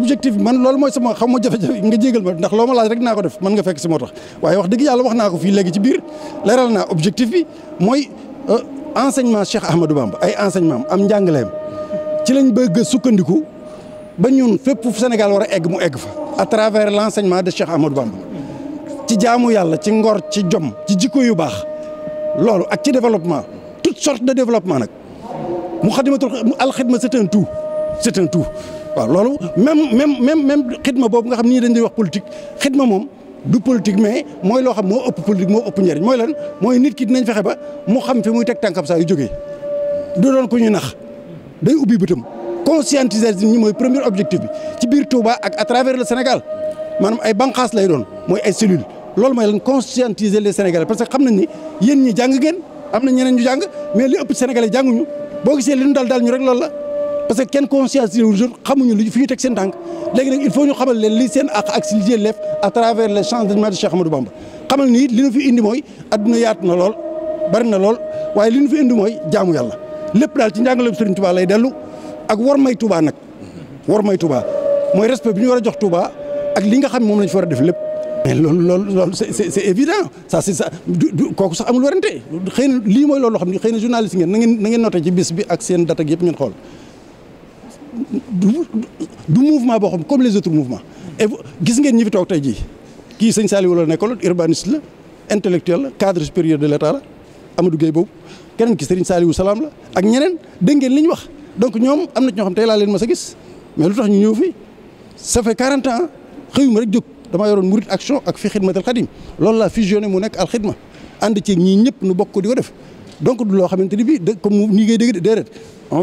objectif bi man loolu mooy sama xam ma jafe-jafe nga jégal ma ndax loo ma laaj rek naa ko def man nga fekk si moo tax waaye wax dëgg yàlla wax naa ko fii léegi ci biir leeral naa objectif bi mooy euh, enseignement Cheikh Ahmadou Bamba ay enseignement am njàngaleem ci lañ bëgg a sukkandiku ba ñun fépp fu Sénégal war a egg mu egg fa à travers l' enseignement de Cheikh Ahmadou Bamba ci jaamu yàlla ci ngor ci jom ci jikko yu baax loolu ak ci développement toute de développement nag mu xadimatul alxidma c'est un tout c'est un tout waaw loolu même même même même xidma boobu nga xam ni dañ di wax politique xidma moom du politique mais mooy loo xam moo ëpp politique moo ëpp njëriñ mooy lan mooy nit ki dinañ fexe ba mu xam fi muy teg tànkam saa yu jógee. du doon ku ñuy nax day ubbi bëtam conscientiser nit ñi mooy premier objectif bi ci biir Touba ak à travers le Sénégal maanaam ay banqaas lay doon mooy ay cellules loolu mooy lan conscientiser les Sénégalais parce que xam nañ ni yéen ñi jàng ngeen am na ñeneen ñu jàng mais li ëpp Sénégalais jànguñu boo gisee li ñu dal daal ñu rek loolu la. parce que kenn conscientisé wu jour xamuñu lu fi ñu teg seen tànk léegi nag il faut ñu xamal leen li sen àq ak si yelleef à travers les champs de Cheikh Ahmadou Bamba xamal ni li fi indi mooy adduna yaatu na lool bari na lool waaye li ñu fi indi mooy jaamu yàlla lépp daal ci njàngaleem Serigne Touba lay dellu ak war may Touba nag war may Touba mooy respect bi ñu war a jox Touba ak li nga xam moom lañ fi war a def lépp. mais loolu loolu loolu c'est c'est évident ça c'est ça du kooku sax ne xëy na journaliste ngeen na ngeen na xool. du du mouvement boo xam comme les autres mouvements. et gis ngeen ñi fi toog tey jii kii sëñ Saliou la nekkaloon la intellectuel la cadre supérieur de l'État la Amadou Gueye boobu keneen ki sëriñ Saliou Salaam la ak ñeneen dégg ngeen ñu wax donc ñoom am na ñoo xam tey laa leen mas a gis mais lu tax ñu ñëw fi ça fait 40 ans xëyuma rek jóg damaa yoroon Murit Action ak fi xidmatal xadim loolu laa fusionné mu nekk alxidma ànd ci ñii ñëpp nu bokk ko di ni bii comme ni ngay dégg